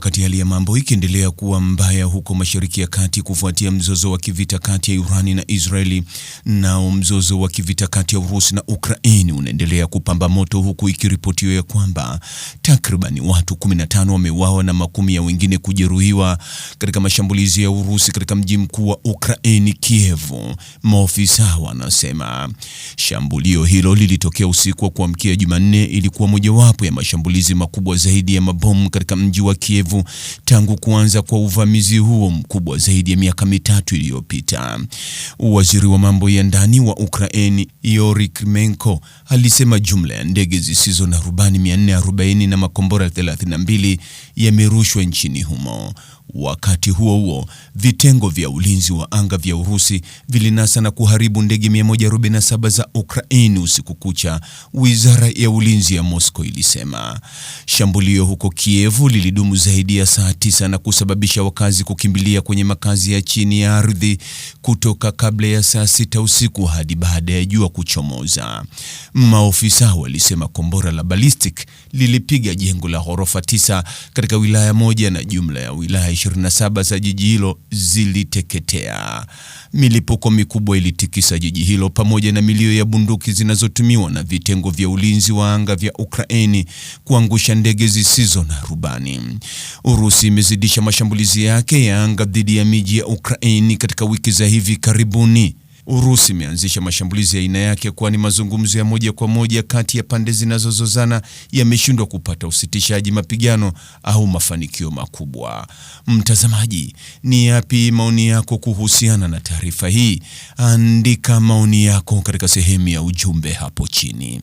Wakati hali ya mambo ikiendelea kuwa mbaya huko Mashariki ya Kati kufuatia mzozo wa kivita kati ya Irani na Israeli, nao mzozo wa kivita kati ya Urusi na Ukraini unaendelea kupamba moto, huku ikiripotiwa ya kwamba takriban watu 15 wameuawa na makumi ya wengine kujeruhiwa katika mashambulizi ya Urusi katika mji mkuu wa Ukraini, Kiev. Maofisa wanasema shambulio hilo lilitokea usiku wa kuamkia Jumanne, ilikuwa mojawapo ya mashambulizi makubwa zaidi ya mabomu katika mji wa Kiev Kivu tangu kuanza kwa uvamizi huo mkubwa zaidi ya miaka mitatu iliyopita. Waziri wa mambo ya ndani wa Ukraini, Yuri krimenko alisema jumla ya ndege zisizo na rubani 440 na makombora 32 yamerushwa nchini humo. Wakati huo huo, vitengo vya ulinzi wa anga vya Urusi vilinasa na kuharibu ndege 147 za Ukraini usiku kucha, wizara ya ulinzi ya Moscow ilisema. Shambulio huko Kievu lilidumu zaidi ya saa tisa na kusababisha wakazi kukimbilia kwenye makazi ya chini ya ardhi kutoka kabla ya saa sita usiku hadi baada ya jua kuchomoza. Maofisa walisema kombora la ballistic lilipiga jengo la ghorofa tisa katika wilaya moja na jumla ya wilaya 27 za jiji hilo ziliteketea. Milipuko mikubwa ilitikisa jiji hilo pamoja na milio ya bunduki zinazotumiwa na vitengo vya ulinzi wa anga vya Ukraini kuangusha ndege zisizo na rubani. Urusi imezidisha mashambulizi yake ya anga dhidi ya miji ya Ukraini katika wiki za hivi karibuni Urusi imeanzisha mashambulizi ya aina yake kwani mazungumzo ya moja kwa moja kati ya pande zinazozozana yameshindwa kupata usitishaji mapigano au mafanikio makubwa. Mtazamaji, ni yapi maoni yako kuhusiana na taarifa hii? Andika maoni yako katika sehemu ya ujumbe hapo chini